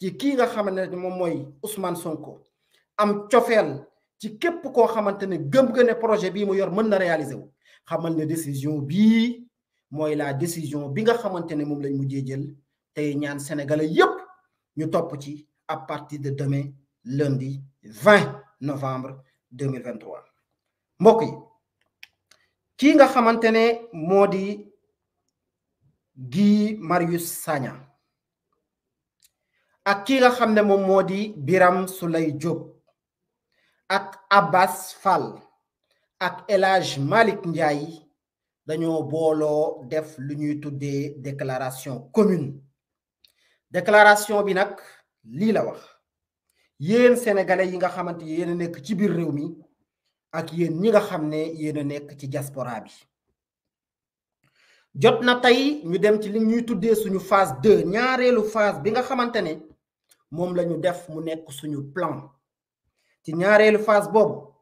ci kii nga xamante ne moom mooy Ousmane Sonko am cofeel ci képp koo xamante ne gëm nga ne projet bii mu yor mën na réaliser wu xamal ne décision bii mooy la décision bi nga xamante ne moom lañ mujjee jël te ñaan sénégalais yépp ñu topp ci à partir de demain lundi 20 novembre 2023 mbokk yi kii nga xamante ne moo di Guy Marius Sagna ak kii nga xam ne moom moo di Biram Souley jóg ak Abbas Fall ak El malik njaay dañoo booloo def lu ñuy tuddee déclaration commune déclaration bi nag lii la wax yéen sénégalais yi nga xamante yéen a nekk ci biir réew mi ak yéen ñi nga xam ne yéen a nekk ci diaspora bi jot na tey ñu dem ci li ñuy tuddee suñu phase phase bi nga xamante ne moom lañu def mu nekk suñu plan ci ñaareelu phase boobu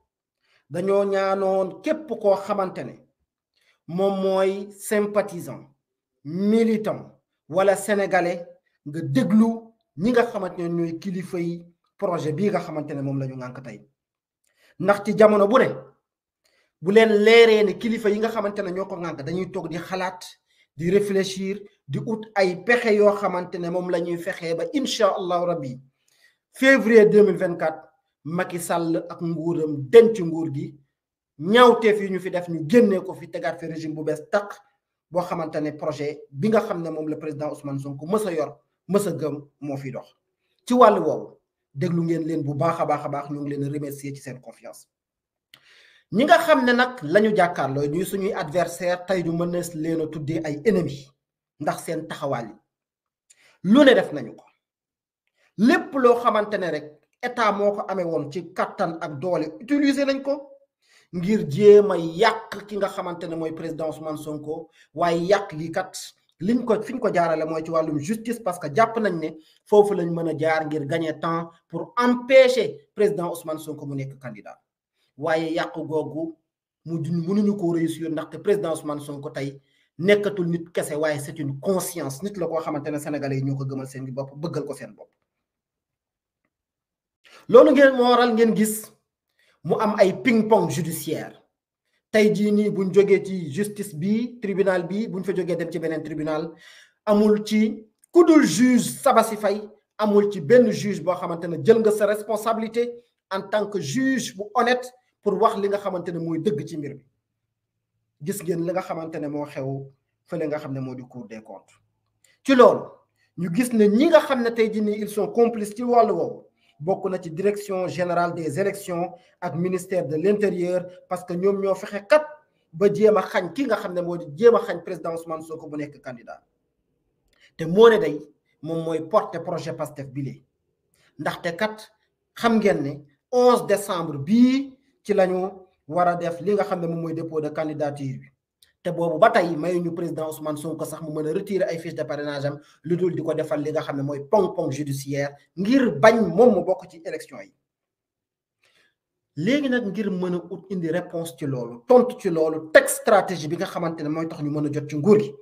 dañoo ñaanoon képp koo xamante ne moom mooy sympathisant militant wala sénégalais nga déglu ñi nga xamante ne ñooy kilifa yi projet bii nga xamante ne moom lañu ñu ngànk tey ndax jamono bu ne bu leen leeree ne kilifa yi nga xamante ne ñoo ko ngànk dañuy toog di xalaat di réfléchir di ut ay pexe yoo xamante ne moom la ñuy fexee ba incha allahu rabbi février deux mille vingt quatre Macky Sall ak nguuram denc nguur gi ñaawteef yi ñu fi def ñu génnee ko fi tegaat fi régime bu bees taq boo xamante ne projet bi nga xam ne moom la président Ousmane Sonko mës a yor mës a gëm moo fi dox ci wàll woowu déglu ngeen leen bu baax a baax a baax ñu ngi leen remercier ci seen confiance ñi nga xam ne nag la ñu jàkkaarloo ñuy suñuy adversaire tey ñu mënees leen a tuddee ay ennemis ndax seen taxawaal yi lu ne def nañu ko lépp loo xamante ne rek état moo ko amee woon ci kattan ak doole utiliser nañ ko ngir jéem a yàq ki nga xamante ne mooy président Ousmane Sonko waaye yàq lii kat liñ ko fi ko jaarale mooy ci wàllum justice parce que jàpp nañ ne foofu lañ mën a jaar ngir gañee temps pour empêcher président Ousmane Sonko mu nekk candidat waaye yàq googu mu mënuñu ko réussir ndaxte président Ousmane Sonko tey. nekkatul nit kese waaye c'est une conscience nit la koo xamante ne sénégalais yi ñoo ko gëmal seen bopp bëggal ko seen bopp loolu ngeen moo waral ngeen gis mu am ay ping-pong judiciaire tey jii nii buñ jógee ci justice bi tribunal bi buñ fa jógee dem ci beneen tribunal amul ci ku dul juge Sabassy Faye amul ci benn juge boo xamante ne jël nga sa responsabilité en tant que juge bu honnête pour wax li nga xamante ne mooy dëgg ci mbir bi gis ngeen la nga xamante ne moo xew fële nga xam ne moo di cour des comptes ci loolu ñu gis ne ñi nga xam ne tey jii nii ils sont complices ci wàll woowu bokk na ci direction générale des élections ak ministère de l'intérieur parce que ñoom ñoo fexe kat ba jéem a xañ ki nga xam ne moo di jéem a xañ président soo ko bu nekk candidat te moo ne day moom mooy porter projet PASTEF bile ndaxte kat xam ngeen ne 11 décembre bii ci lañu war a def li nga xam ne moom mooy dépôt de candidature bi te boobu ba tey ñu président Ousmane Sonko sax mu mën a retirer ay fiche de parrainage lu dul di ko defal li nga xam ne mooy pong-pong judiciaire ngir bañ moom mu bokk ci élection yi léegi nag ngir mën a ut indi réponse ci loolu tontu ci loolu teg stratégie bi nga xamante ne mooy tax ñu mën a jot ci nguur gi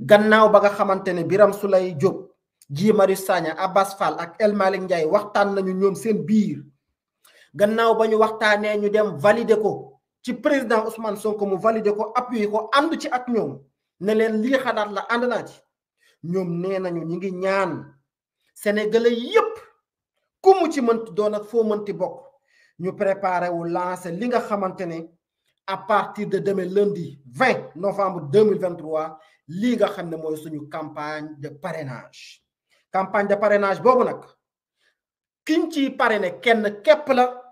gannaaw ba nga xamante ne Birame Souleye Diop Guy Marius Sagna Abbas Fall ak El Malick Ndiaye waxtaan nañu ñoom seen biir gannaaw ba ñu waxtaanee ñu dem valider ko ci président Ousmane Sonko mu valider ko appuyer ko ànd ci ak ñoom ne leen lii xalaat la ànd naa ci ñoom nee nañu ñi ngi ñaan sénégalais yépp comme mu ci mënt doon ak foo mënti bokk ñu préparé wu lancer li nga xamante ne à partir de demain lundi 20 novembre 2023 lii nga xam ne mooy suñu campagne de parrainage campagne de parrainage boobu nag kiñ ciy parrainé kenn képp la.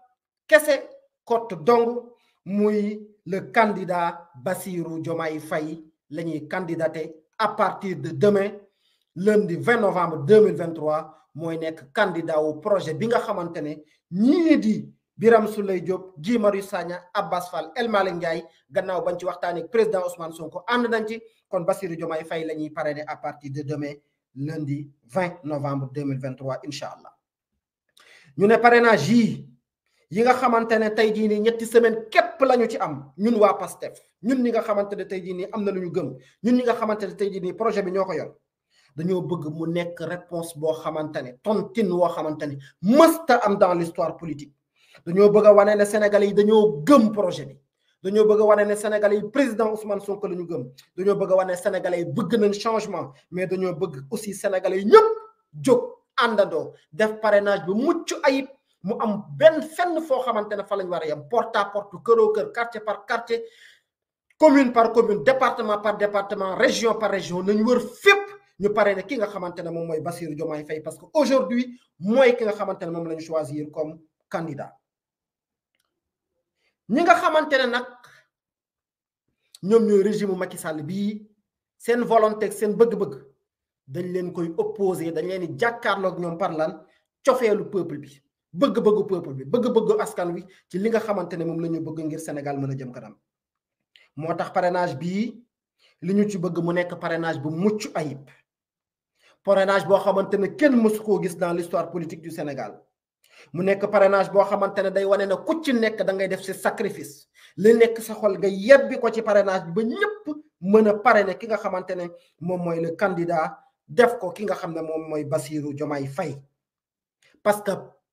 kese cote dong muy le candidat Bassirou Diomaye fay la ñuy candidater à partir de demain lundi 20 novembre 2023 mooy nekk candidat wu projet bi nga xamante ne ñii di Birame Souleye Diop Guy Marius Sagna Abbas Fall El Malick Ndiaye gannaaw bañ ci waxtaanee président Ousmane Sonko ànd nañ ci kon Bassirou Diomaye fay la ñuy parrainer à partir de demain lundi 20 novembre 2023 incha allah ñu ne parrainage yii yi nga xamante ne tey jii nii ñetti semaine képp lañu ci am ñun waa PASTEF ñun ñi nga xamante ne tey jii nii am na lu ñu gëm ñun ñi nga xamante ne tey jii nii projet bi ñoo ko yoon dañoo bëgg mu nekk réponse boo xamante ne tontine woo xamante ne mësta am dans l'histoire politique dañoo bëgg a wane ne Sénégalais yi dañoo gëm projet bi dañoo bëgg a wane ne Sénégalais yi président Ousmane Sonko la ñu gëm dañoo bëgg a wane ne bëgg nañ changement mais dañoo bëgg aussi Sénégalais yi ñëpp jóg àndandoo def parrainage bu mucc ayib mu am benn fenn foo xamante ne fa lañ war a yem porte à porte këroo kër quartier par quartier commune par commune département par département région par région nañ wër fépp ñu pare ne ki nga xamante ne moom mooy Bassirou Diomaye Faye parce que aujourd'hui mooy ki nga xamante ne moom la ñu choisir comme candidat ñi nga xamante ne nag ñoom ñooy régime Macky Sall bii seen volonté ak seen bëgg-bëgg dañ leen koy opposé dañ leen di jàkkaarloog ñoom par lan cofeelu peuple bi bëgg-bëggu peuple bi bëgg-bëggu askan wi ci li nga xamante ne moom la ñu bëgg ngir Sénégal mën a jëm kanam moo tax parrainage bii li ñu ci bëgg mu nekk parrainage bu mucc ayib parrainage boo xamante ne kenn mësu koo gis dans l'histoire politique du Sénégal mu nekk parenage boo xamante ne day wane ne ku ci nekk da ngay def si sacrifice li nekk sa xol nga yebbi ko ci parrainage bi ñëpp mën a pare parrainer ki nga xamante ne moom mooy le candidat def ko ki nga xam ne moom mooy Bassirou Diomaye Faye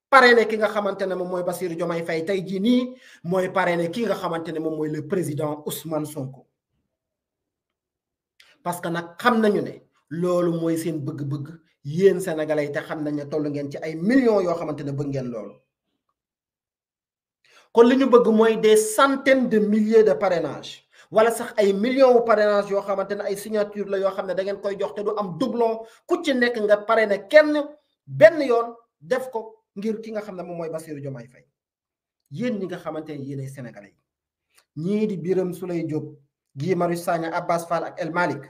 pare parrainé ki nga xamante ne moom mooy Bassirou Diomaye fay tey jii nii mooy ne ki nga xamante ne moom mooy le président Ousmane Sonko parce que nag xam nañu ne loolu mooy seen bëgg-bëgg yéen sénégalais te xam nañ ne toll ngeen ci ay millions yoo xamante ne bëgg ngeen loolu kon li ñu bëgg mooy des centaines de milliers de parrainages wala sax ay millions wu yoo xamante ne ay signature la yoo xam ne da koy jox te am doublon ku ci nekk nga parrainé kenn benn yoon def ko. ngir ki nga xam ne moom mooy Bassirou Diomaye Faye yéen ñi nga xamante ne yéenay sénégalais yi ñii di biram Souleye Diop Guy Marius Sagna Abbas Fall ak El Malick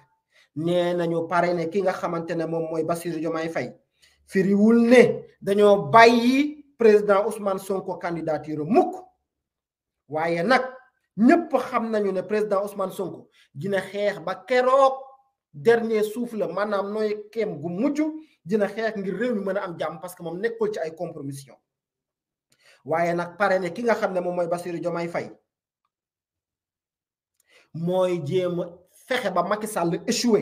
nee nañu pare ne ki nga xamante ne moom mooy Bassirou Diomaye fay firiwul ne dañoo bàyyi président Ousmane Sonko candidature mukk waaye nag ñëpp xam nañu ne président Ousmane Sonko dina xeex ba keroog dernier souffle maanaam nooy kem gu mujj dina xeex ngir réew mi mën a am jàmm parce que moom nekkul ci ay compromission waaye nag pare ne ki nga xam ne moom mooy Bassirou Diomaye fay mooy jéem a fexe ba Macky Sall échoué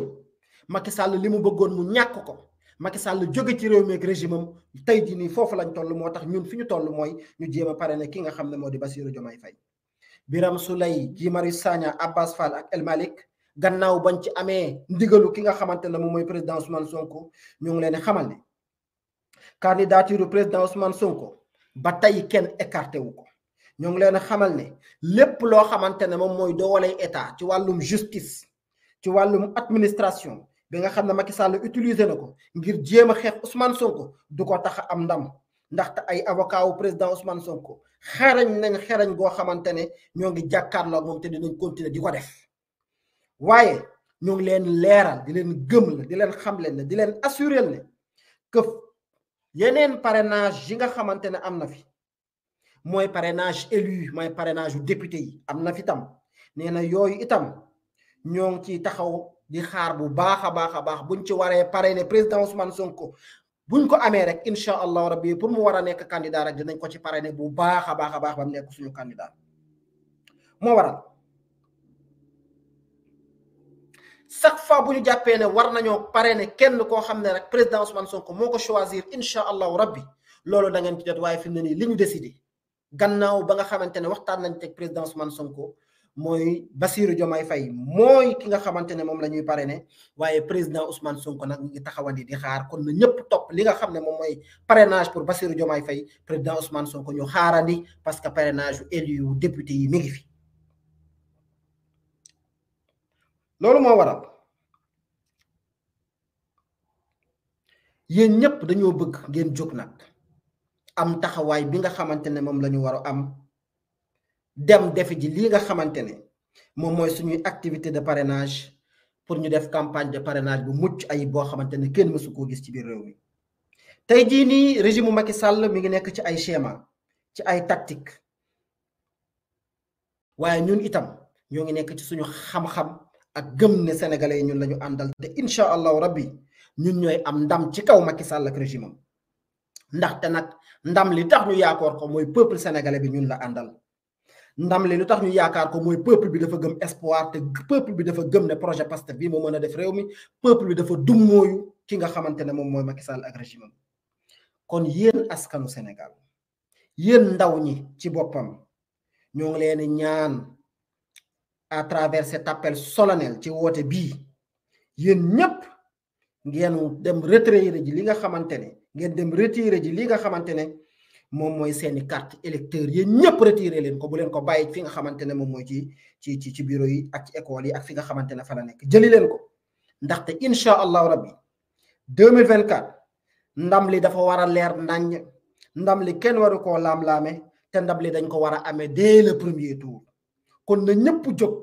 Macky Sall li mu bëggoon mu ñàkk ko Macky Sall jóge ci réew mi ak régime tey jii nii foofu lañ toll moo tax ñun fi ñu toll mooy ñu jéem a pare ne ki nga xam ne moo di Bassirou Diomaye Faye Birame Souleye Guy Marius Sagna Abbas Fall ak El Malick gannaaw bañ ci amee ndigalu ki nga xamante ne moom mooy président Ousmane Sonko ñoo ngi leen xamal ne candidature président Ousmane Sonko ba tey kenn écarté wu ko ñoo ngi leen xamal ne lépp loo xamante ne moom mooy dooley état ci wàllum justice ci wàllum administration bi nga xam ne Macky Sall utilisé na ko ngir jéem a xeex Ousmane Sonko du ko tax am ndam ndaxte ay avocat wu président Ousmane Sonko xarañ nañ xarañ goo xamante ne ñoo ngi jàkkaarloo moom te dinañ continuer di ko def. waaye ñu ngi leen leeral di leen gëmm la di leen xam leen la di leen assuré ne këf yeneen parrainage yi nga xamante ne am na fi mooy parenage élu mooy parenage yu député yi am na fi tam nee na yooyu itam ñoo ngi ciy taxaw di xaar bu baax a baax a baax buñ ci waree pare ne président Ousmane Sonko buñ ko amee rek incha allahu rabbi pour mu war a nekk candidat rek dinañ ko ci parrainé bu baax a baax a baax ba nekk suñu candidat moo waral. chaque fois bu ñu jàppee ne war nañoo parrainer kenn koo xam ne rek président Ousmane Sonko moo ko choisir incha allahu rabbi loolu da ngeen ci jot waaye fi mu nii li ñu décidé gannaaw ba nga xamante ne waxtaan nañ teg président Ousmane Sonko mooy Bassirou Diomaye fay mooy ki nga xamante ne moom la ñuy parrainer waaye président Ousmane Sonko nag ñu ngi taxawandi di xaar kon na ñëpp topp li nga xam ne moom mooy parrainage pour Bassirou Diomaye Faye président Ousmane Sonko ñu xaarandi parce que parrainage yu élu député yi mi ngi fi. loolu moo waral yéen ñëpp dañoo bëgg ngeen jóg nag am taxawaay bi nga xamante ne moom lañu ñu war a am dem defe ji lii nga xamante ne moom mooy suñuy activité de parrainage pour ñu def campagne de parrainage bu mucc ayib boo xamante ne kenn mësu koo gis ci biir réew mi tey jii nii régime Macky sàll mi ngi nekk ci ay schéma ci ay tactique waaye ñun itam ñoo ngi nekk ci suñu xam-xam ak gëm ne sénégale yi ñun la ñu àndal te incha allahu rabbi ñun ñooy am ndam ci kaw Macky Sall ak régime ndaxte nag ndam li tax ñu yaakaar ko mooy peuple sénégalais bi ñun la àndal ndam li lu tax ñu yaakaar ko mooy peuple bi dafa gëm espoir te peuple bi dafa gëm ne projet Pastef bii moo mën a def réew mi peuple bi dafa dum mooyu ki nga xamante ne moom mooy Macky Sall ak régime kon yéen askanu Sénégal yéen ndaw ñi ci boppam ñoo ngi leen ñaan. à travers cet appel solennel ci woote bii yéen ñëpp ngeen dem retiré ji li nga xamante ne ngeen dem ji li nga xamante ne moom mooy seeni carte électeur yéen ñëpp retiré leen ko bu leen ko bàyyi fi nga xamante ne moom mooy ci ci ci ci bureau yi ak ci école yi ak fi nga xamante ne fa la nekk jëli leen ko ndaxte incha allahu rabbi 2024 ndam li dafa war a leer naññ ndam li kenn waru ko laam-laame te ndam li dañ ko war a amee dès le premier tour kon na ñëpp jóg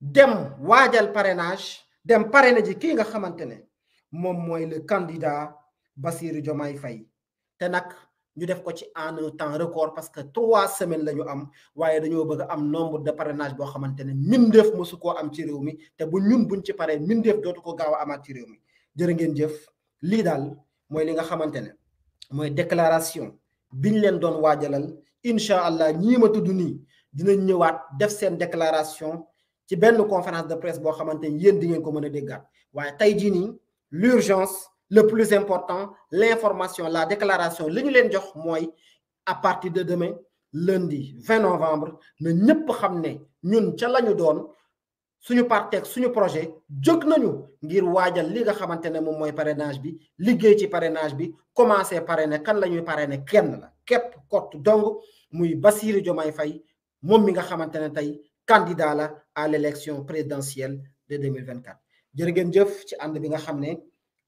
dem waajal parenage dem parrainer ji kii nga xamante ne moom mooy le candidat Bassirou Diomaye fay te nag ñu def ko ci en un temps record parce que trois semaines la ñu am waaye dañoo bëgg am nombre de parrainage boo xamante ne mindeef mosu koo am ci réew mi te bu ñun buñ ci paree mindeef dootu ko gaaw a amaat ci réew mi jërë ngeen jëf lii daal mooy li nga xamante ne mooy déclaration biñ leen doon waajalal incha allah ñii ma dinañ ñëwaat def seen déclaration ci benn conférence de presse boo xamante ni yéen di ngeen ko mën a déggaat waaye tey jii nii l'urgence le plus important l'information la déclaration li ñu leen jox mooy à partir de demain lundi 20 novembre na ñépp xam ne ñun ca lañu doon suñu parti ak suñu projet jóg nañu ngir waajal li nga xamante ne moom mooy parrainage bi liggéey ci parrainage bi commencé parrainer kan lañuy ñuy parrainer kenn la képp corte dong muy Bassirou Diomaye Faye moom mi nga xamante ne tey candidat la à l'élection présidentielle de 2024 jërë ngeen jëf ci ànd bi nga xam ne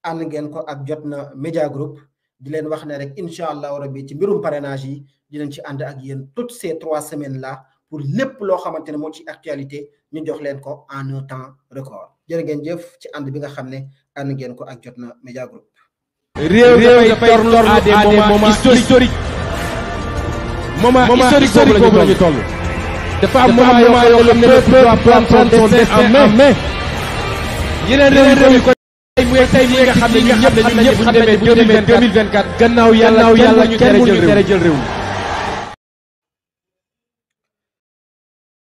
ànd ngeen ko ak Jotna Media Group di leen wax ne rek incha allahu rabbi ci mbirum parrainage yi dinañ ci ànd ak yéen toutes ces trois semaines là pour lépp loo xamante ne moo ci actualité ñu jox leen ko en un temps record jërë ngeen jëf ci ànd bi nga xam ne ànd ngeen ko ak Jotna Media Group. réew dafay torlu à des moments historique boobu dafa am moment yoo xam ne le peuple doit prendre son destin en main. yeneen réew yi ko tey muy tey muy nga xam ne ñun ñëpp xam nañu bu ñu demee deux mille vingt quatre deux mille vingt quatre gannaaw yàlla yàlla kenn mënuñu tere jël réew.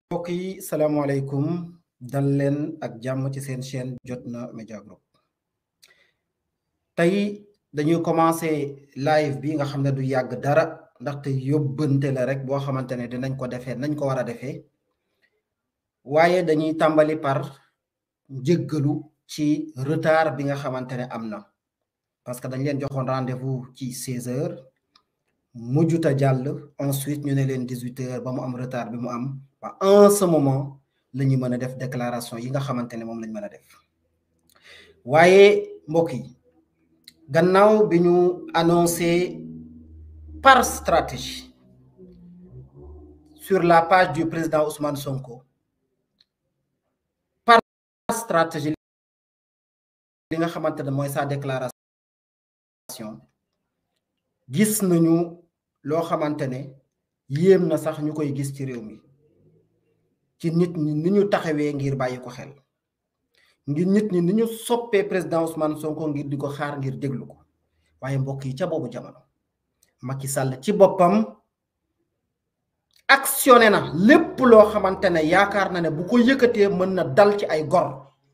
mbokk yi salaamaaleykum dal leen ak jàmm ci seen chaîne Jotna Media Group tey dañuy commencer live bi nga xam ne du yàgg dara. ndaxte yóbbante la rek boo xamante ne dinañ ko defee nañ ko war a defee waaye dañuy tàmbali par njëggalu ci retard bi nga xamante ne am na parce que dañ leen joxoon rendez-vous ci 16h mujjut jàll ensuite ñu ne leen 18h ba mu am retard bi mu am ba en ce moment la ñu mën a def déclaration yi nga xamante ne moom la ñu mën a def waaye mbokk gannaaw bi ñu annoncé. par stratégie sur la page du président Ousmane Sonko par stratégie li nga xamante ne mooy sa déclaration gis nañu loo xamante ne yéem na sax ñu koy gis ci réew mi ci nit ñi ni ñu taxawee ngir bàyyi ko xel ngir nit ñi ni ñu soppee président Ousmane Sonko ngir di ko xaar ngir déglu ko waaye mbokk yi ca boobu jamono Macky Sall ci boppam actionné na lépp loo xamante ne yaakaar na ne bu ko yëkkatee mën na dal ci ay gor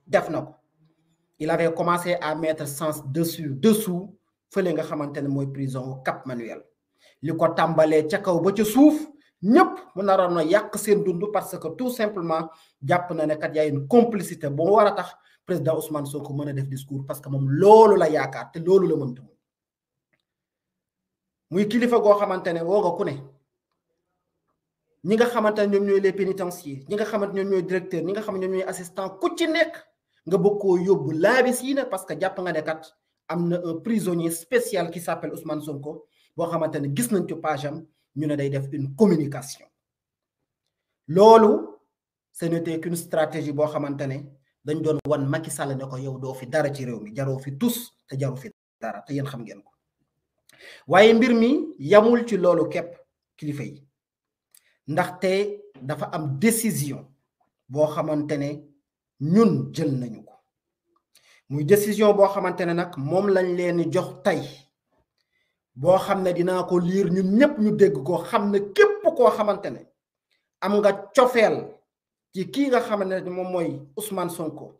def na ko il avait commencé à mettre sens dessus dessous fële nga xamante ne mooy prison Cap Manuel li ko tàmbalee ca kaw ba ca suuf ñëpp mu naroon na yàq seen dund parce que tout simplement jàpp na ne kat yaay complicité boo war a tax président Ousmane Sonko mën a def discours parce que moom loolu la yaakaar te loolu la mënta muy kilifa goo xamante ne woo ko ku ne ñi nga xamante ne ñoom ñooy les pénitenciers ñi nga xamante ñoom ñooy directeur ñi nga xam ne ñoom ñooy assistant ku ci nekk nga bëgg koo yóbbu laabi siina parce que jàpp nga ne kat am na un prisonnier spécial qui s'appelle Ousmane Sonko boo xamante ne gis nañ ci page am ñu ne day def une communication loolu ce n'était qu'une stratégie boo xamante ne dañ doon wan Macky Sall ne ko yow doo fi dara ci réew mi jaroo fi tous te jaroo fi dara xam ngeen ko waaye mbir mi yamul ci loolu képp kilifa yi ndaxte dafa am décision boo xamante ne ñun jël nañu ko muy décision boo xamante ne nag moom lañ leen jox tey boo xam ne dinaa ko liir ñun ñëpp ñu dégg ko xam ne képp koo xamante ne am nga cofeel ci kii nga xamante ne moom mooy Ousmane Sonko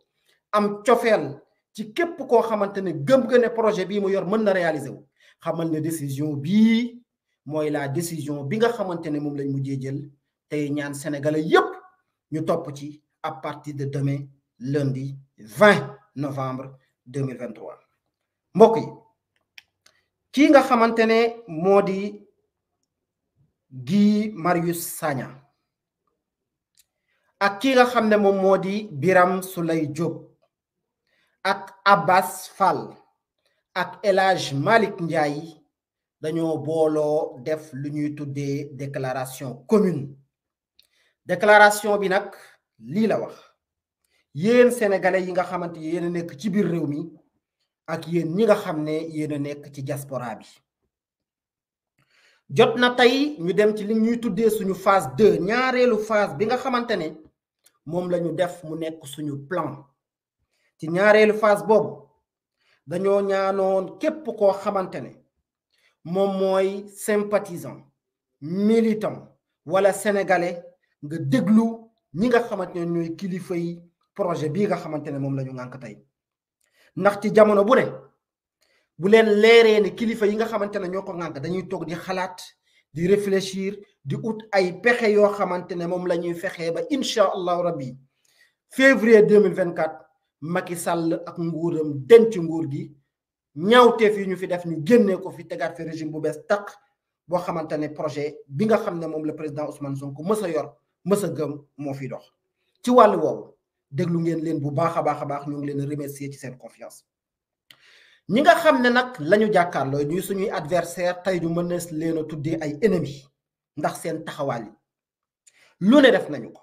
am cofeel ci képp koo xamante ne gëm nga ne projet bii mu yor mën na réaliser wu. xamal ne décision bii mooy la décision bi nga xamante ne moom lañ mujjee jël tey ñaan sénégalais yépp ñu topp ci à partir de demain lundi 20 novembre 2023 mbokk kii nga xamante ne moo di Guy Marius Sagna ak ki nga xam ne moom moo di Birame Souleye Diop ak Abbas Fall ak El Hadj Malick dañoo booloo def lu ñuy tuddee déclaration commune déclaration bi nag lii la wax yéen sénégalais yi nga xamante yéen nekk ci biir réew mi ak yéen ñi nga xam ne yéen a nekk ci diaspora bi jot na tey ñu dem ci li ñuy tuddee suñu phase deux ñaareelu phase bi nga xamante ne moom lañu def mu nekk suñu plan ci ñaareelu phase boobu dañoo ñaanoon képp koo xamante ne moom mooy sympathisant militant wala sénégalais nga déglu ñi nga xamante ne ñooy kilifa yi projet bii nga xamante ne moom lañu ñu ngànk tey ndax jamono bu ne bu leen leeree ne kilifa yi nga xamante ne ñoo ko ngànk dañuy toog di xalaat di réfléchir di ut ay pexe yoo xamante ne moom la ñuy fexee ba incha allahu rabbi février 2024 Macky Sall ak nguuram denc nguur gi ñaawteef yi ñu fi def ñu génnee ko fi tegaat fi régime bu bees tàq boo xamante ne projet bi nga xam ne moom la président Ousmane Sonko mës a yor mës a gëm moo fi dox. ci wàll woowu déglu ngeen leen bu baax a baax a baax ñu ngi leen remercier ci seen confiance ñi nga xam ne nag la ñu jàkkaarloo ñuy suñuy adversaire tey du mënees leen a tuddee ay ennemis ndax seen taxawaal yi lu ne def nañu ko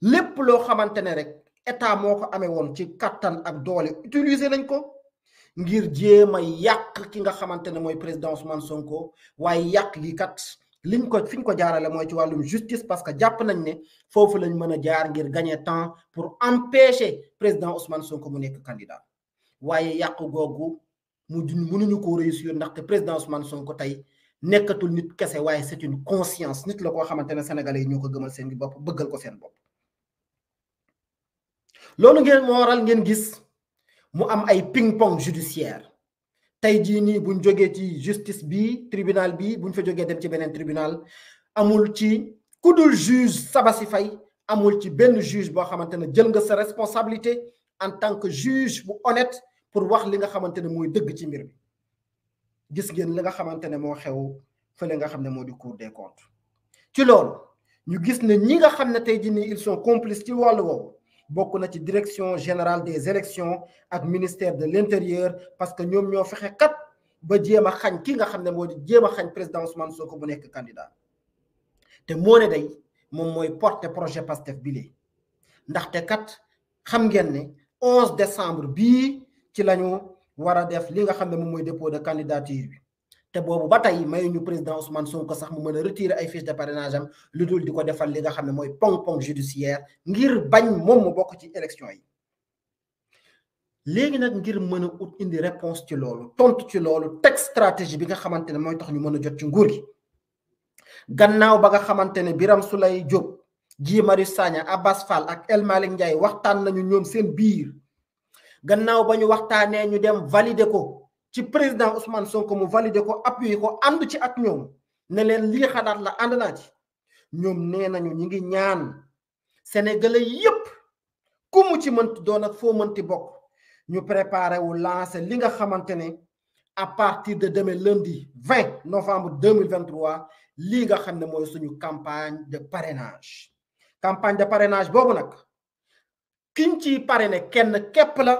lépp loo xamante ne rek. état moo ko amee woon ci kattan ak doole utiliser nañ ko ngir jéem a yàq ki nga xamante ne mooy président Ousmane Sonko waaye yàq gi kat liñ ko fiñ ko jaarale mooy ci wàllum justice parce que jàpp nañ ne foofu lañ mën a jaar ngir gagner temps pour empêcher président Ousmane Sonko mu nekk candidat waaye yàq googu mu mënuñu ko réussir ndaxte président Ousmane Sonko tey nekkatul nit kese waaye c'est une conscience nit la koo xamante ne sénégalais yi ñoo ko gëmal seen bopp bëggal ko seen bopp. loolu ngeen moo waral ngeen gis mu am ay ping pong judiciaire tey jii nii buñ jógee ci justice bi tribunal bi buñ fa jógee dem ci beneen tribunal amul ci ku dul juge Sabasy Faye amul ci benn juge boo xamante ne jël nga sa responsabilité en tant que juge bu honnête pour wax li nga xamante ne mooy dëgg ci mbir bi gis ngeen li nga xamante ne moo xew fële nga xam ne moo di cour des comptes ci loolu ñu gis ne ñi nga xam ne tey jii nii ils sont complices ci wàllu woowu bokk na ci direction générale des élections ak ministère de l'intérieur parce que ñoom ñoo fexe kat ba jéem a xañ ki nga xam ne moo di jéem a xañ président Ousmane Sonko bu nekk candidat te moo ne day moom mooy porter projet PASTEF bile ndaxte kat xam ngeen ne 11 décembre bi ci la ñu war a def li nga xam ne moom mooy dépôt de candidature bi. te boobu ba tey mayuñu président soo ko sax mu mën a retirer ay fiche de parrainage lu dul di ko defal li nga xam ne mooy pong-pong judiciaire ngir bañ moom mu bokk ci élection yi léegi nag ngir mën a ut indi réponse ci loolu tontu ci loolu teg stratégie bi nga xamante ne mooy tax ñu mën a jot ci nguur gi gannaaw ba nga xamante ne Birame Souleye Diop Guy Marius Sagna Abbas Fall ak El Malick Ndiaye waxtaan nañu ñoom seen biir gannaaw ba ñu waxtaanee ñu dem valider ko ci président Ousmane Sonko mu validé ko appuyé ko ànd ci ak ñoom ne leen lii xalaat la ànd naa ci ñoom nee nañu ñi ngi ñaan sénégalais yépp ku mu ci mënt doon ak foo mënti bokk ñu préparé wu lancé li nga xamante ne à partir de demain lundi 20 novembre 2023 lii nga xam ne mooy suñu campagne de parrainage campagne de parrainage boobu nag kiñ pare parrainé kenn képp la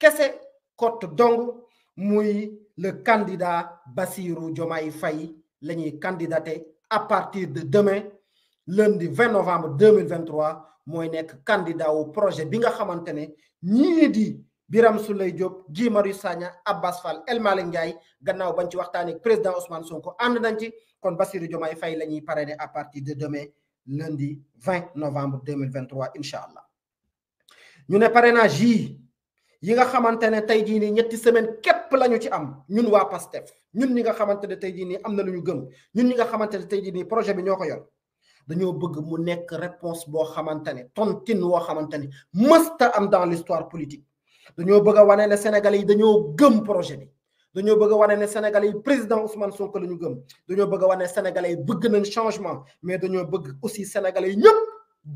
kese kott dong muy le candidat Bassirou Diomaye fay la ñuy candidater à partir de demain lundi 20 novembre 2023 mooy nekk candidat wu projet bi nga xamante ne ñii di Birame Souleye Diop Guy Marius Sagna Abbas Fall El Malick Ndiaye gannaaw bañ ci waxtaanee président Ousmane Sonko ànd nañ ci kon Bassirou Diomaye fay la ñuy parrainer à partir de demain lundi 20 novembre 2023 incha allah ñu ne parrainage yii yi nga xamante ne tey jii nii ñetti semaine képp lañu ci am ñun waa PASTEF ñun ñi nga xamante ne tey jii nii am na lu ñu gëm ñun ñi nga xamante ne tey jii nii projet bi ñoo ko yor dañoo bëgg mu nekk réponse boo xamante ne tontine woo xamante ne mësta am dans l'histoire politique dañoo bëgg a wane ne Sénégalais yi dañoo gëm projet bi dañoo bëgg a wane ne Sénégalais yi président Ousmane Sonko la ñu gëm dañoo bëgg a wane ne bëgg nañ changement mais dañoo bëgg aussi Sénégalais yi ñëpp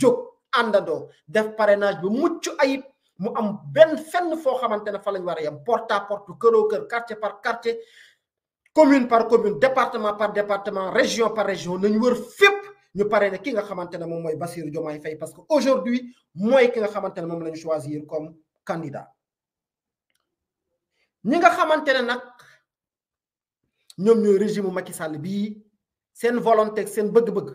jóg àndandoo def parrainage bu mucc ayib mu am benn fenn foo xamante ne fa lañ war a yem porte à porte këroo kër quartier par quartier commune par commune département par département région par région nañu wër fépp ñu pare ne ki nga xamante ne moom mooy Bassirou Diomaye Faye parce que aujourd'hui mooy ki nga xamante ne moom la ñu choisir comme candidat ñi nga xamante ne nag ñoom ñooy régime Macky Sall bii seen volonté ak seen bëgg-bëgg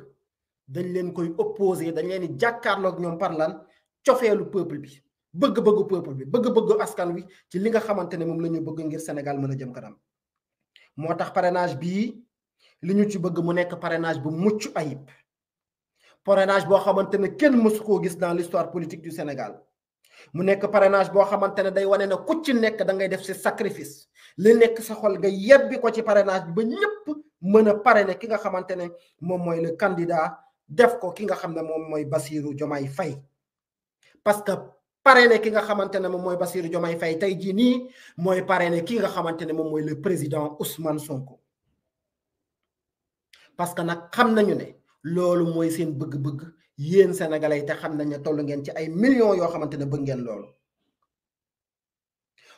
dañ leen koy opposé dañ leen di jàkkaarloog ñoom par lan cofeelu peuple bi bëgg-bëggu peuple bi bëgg-bëggu askan wi ci li nga xamante ne moom la ñu bëgg ngir Sénégal mën a jëm kanam moo tax parrainage bii li ñu ci bëgg mu nekk parrainage bu mucc ayib parrainage boo xamante ne kenn mësu koo gis dans l'histoire politique du Sénégal mu nekk parrainage boo xamante ne day wane na ku ci nekk da def si sacrifice li nekk sa xol nga yebbi ko ci parenage bi ñëpp mën a parrainer ki nga xamante ne moom mooy le candidat def ko ki nga xam ne moom mooy Bassirou Diomaye Faye parce que pare parrainé ki nga xamante ne moom mooy Bassirou Diomaye fay tey jii nii mooy ne ki nga xamante ne moom mooy le président Ousmane Sonko parce que nag xam nañu ne loolu mooy seen bëgg-bëgg yéen sénégalais te xam nañ ne toll ngeen ci ay millions yoo xamante ne bëgg ngeen loolu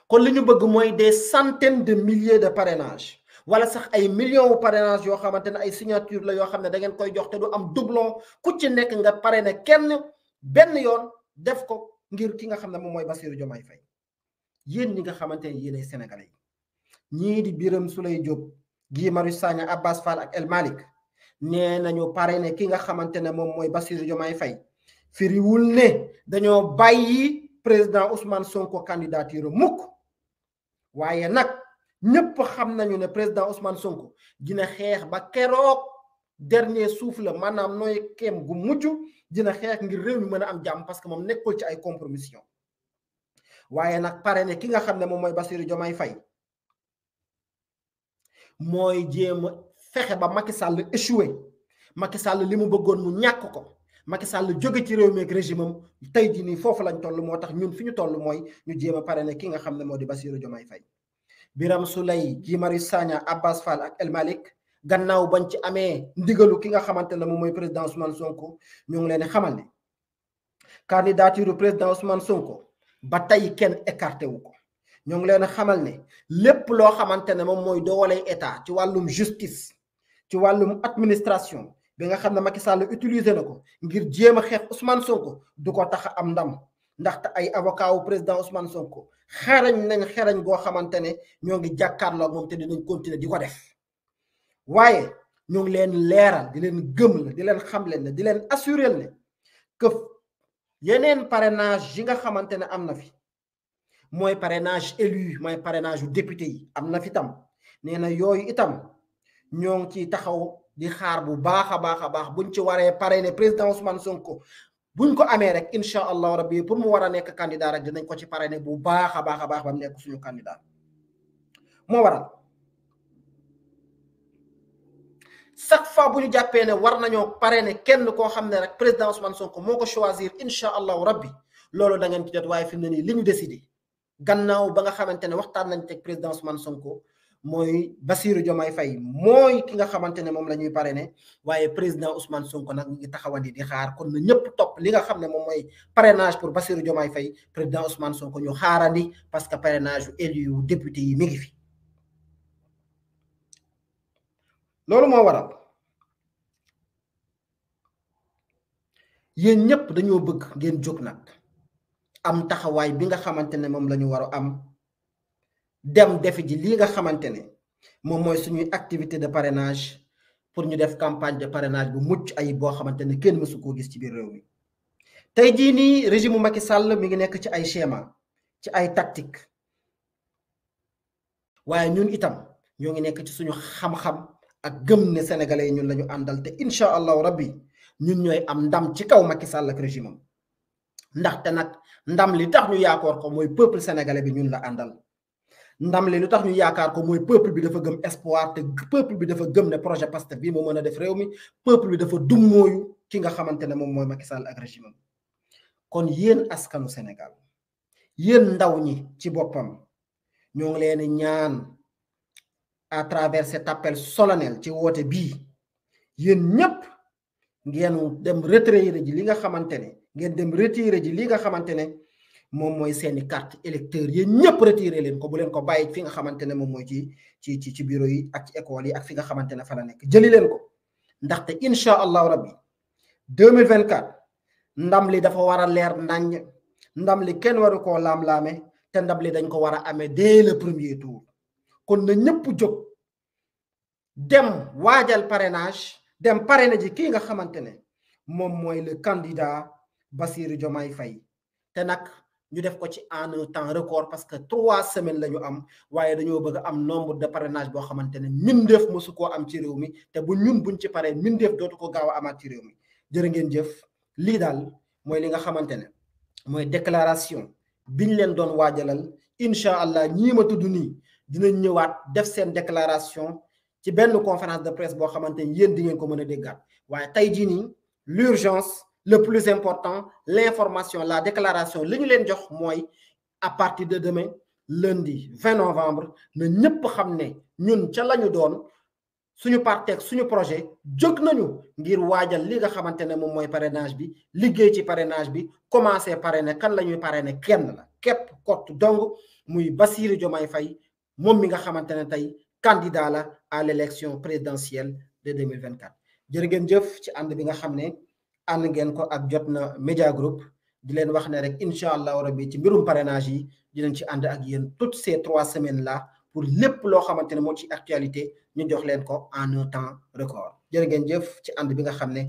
kon li ñu bëgg mooy des centaines de milliers de parrainage wala sax ay millions wu yoo xamante ne ay signature la yoo xam ne da ngeen koy jox te du am doublon ku ci nekk nga parrainé kenn benn yoon def ko. ngir ki nga xam ne moom mooy Bassirou Diomaye fay yéen ñi nga xamante ne yéenay sénégalais yi ñii di Birame Souleye Diop Guy Marius Sagna Abbas Fall ak El Malick nee nañu pare ne ki nga xamante ne moom mooy Bassirou Diomaye Faye firiwul ne dañoo bàyyi président Ousmane Sonko candidature mukk waaye nag ñëpp xam nañu ne président Ousmane Sonko dina xeex ba keroog. dernier souffle maanaam nooy kem gu mujj dina xeex ngir réew mi mën a am jàmm parce que moom nekkool ci ay compromission waaye nag pare ne ki nga xam ne moom mooy Bassirou jomay fay mooy jéem a fexe ba Macky Sall échoué Macky Sall li mu bëggoon mu ñàkk ko Macky Sall jóge ci réew mi ak régime tey jii nii foofu lañ toll moo tax ñun fi ñu toll mooy ñu jéem a pare ne ki nga xam ne moo di Bassirou Diomaye Faye Birame Souleye Guy Marius Sagna Abbas Fall ak El Malick gannaaw bañ ci amee ndigalu ki nga xamante ne moom mooy président Ousmane Sonko ñoo ngi leen di xamal ne candidature président Ousmane Sonko ba tey kenn écarté wu ko ñoo ngi leen xamal ne lépp loo xamante ne moom mooy dooley état ci wàllum justice ci wàllum administration bi nga xam ne Macky Sall utilisé na ko ngir jéem a xeex Ousmane Sonko du ko tax am ndam ndaxte ay avocat wu président Ousmane Sonko xarañ nañ xarañ goo xamante ne ñoo ngi jàkkaarloo moom te dinañ continuer di ko def. waaye ñu ngi leen leeral di leen gëm la di leen xam leen la di leen assuré ne këf yeneen parrainage yi nga xamante ne am na fi mooy parrainage élu mooy parenage yu député yi am na fi tam nee na yooyu itam ñoo ngi ciy taxaw di xaar bu baax a baax a baax buñ ci waree pare ne président Ousmane Sonko buñ ko amee rek incha allahu rabbi pour mu war a nekk candidat rek dinañ ko ci pare ne bu baax a baax a baax ba mu nekk suñu candidat moo waral. chaque fois bu ñu jàppee ne war nañoo parrainer kenn koo xam ne rek président Ousmane Sonko moo ko choisir incha allahu rabbi loolu da ngeen ci jot waaye fi mu ne nii li ñu décidé ba nga xamante ne waxtaan nañ teg président Ousmane Sonko mooy Bassirou Diomaye fay mooy ki nga xamante ne moom la ñuy parrainer waaye président Ousmane Sonko nag ñu ngi taxawandi di xaar kon na ñëpp topp li nga xam ne moom mooy parrainage pour Bassirou Diomaye Faye président Ousmane Sonko ñu xaarandi parce que parrainage yu élu yu député yi mi ngi fi. loolu moo waral yéen ñëpp dañoo bëgg ngeen jóg nag am taxawaay bi nga xamante ne moom lañu ñu war a am dem defe ji lii nga xamante ne moom mooy suñuy activité de parrainage pour ñu def campagne de parrainage bu mucc ay boo xamante ne kenn mësu koo gis ci biir réew mi tey jii nii régime Macky sàll mi ngi nekk ci ay schéma ci ay tactique waaye ñun itam ñoo ngi nekk ci suñu xam-xam ak gëm ne sénégale yi ñun lañu ñu àndal te incha allahu rabbi ñun ñooy am ndam ci kaw Macky Sall ak régime ndaxte nag ndam li tax ñu yaakaar ko mooy peuple sénégalais bi ñun la àndal ndam li lu tax ñu yaakaar ko mooy peuple bi dafa gëm espoir te peuple bi dafa gëm ne projet Pastef bii moo mën a def réew mi peuple bi dafa dummóoyu ki nga xamante ne moom mooy Macky Sall ak régime kon yéen askanu Sénégal yéen ndaw ñi ci boppam ñoo ngi leen ñaan. à travers cet appel solennel ci woote bii yéen ñëpp ngeen dem retiré ji li nga xamante ne ngeen dem retiré ji li nga xamante ne moom mooy seeni carte électeur yéen ñëpp retiré leen ko bu leen ko bàyyi fi nga xamante ne moom mooy ci ci ci ci bureau yi ak ci école yi ak fi nga xamante ne fa la nekk jëli leen ko ndaxte incha allahu rabbi 2024 ndam li dafa war a leer naññ ndam li kenn waru ko laam lame te ndam li dañ ko war a amee dès le premier tour kon na ñëpp jóg dem waajal parenage dem parrainer ji kii nga xamante ne moom mooy le candidat Bassirou Diomaye fay te nag ñu def ko ci en un temps record parce que trois semaines la ñu am waaye dañoo bëgg am nombre de parenage boo xamante ne mindeef mosu koo am ci réew mi te bu ñun buñ ci paree mindeef dootu ko gaaw a amaat ci réew mi jërë ngeen jëf lii daal mooy li nga xamante ne mooy déclaration biñ leen doon waajalal incha allah ñii ma dinañ ñëwaat def seen déclaration ci benn conférence de presse boo xamante ni yéen di ngeen ko mën a déggaat waaye tey jii nii l'urgence le plus important l'information la déclaration li ñu leen jox mooy à partir de demain lundi 20 novembre na ñëpp xam ne ñun ca lañu doon suñu parti ak suñu projet jóg nañu ngir waajal li nga xamante ne moom mooy parrainage bi liggéey ci parrainage bi commencé parrainer kan lañuy ñuy parrainer kenn la képp kott dong muy Bassirou Diomaye Faye moom mi nga xamante ne tey candidat la à l'élection présidentielle de 2024 jërë ngeen jëf ci ànd bi nga xam ne ànd ngeen ko ak jot na Group di leen wax ne rek incha allahu rabbi ci mbirum parrainage yi dinañ ci ànd ak yéen tout ces trois semaines là pour lépp loo xamante ne moo ci actualité ñu jox leen ko en un temps record jërë ngeen jëf ci ànd bi nga xam ne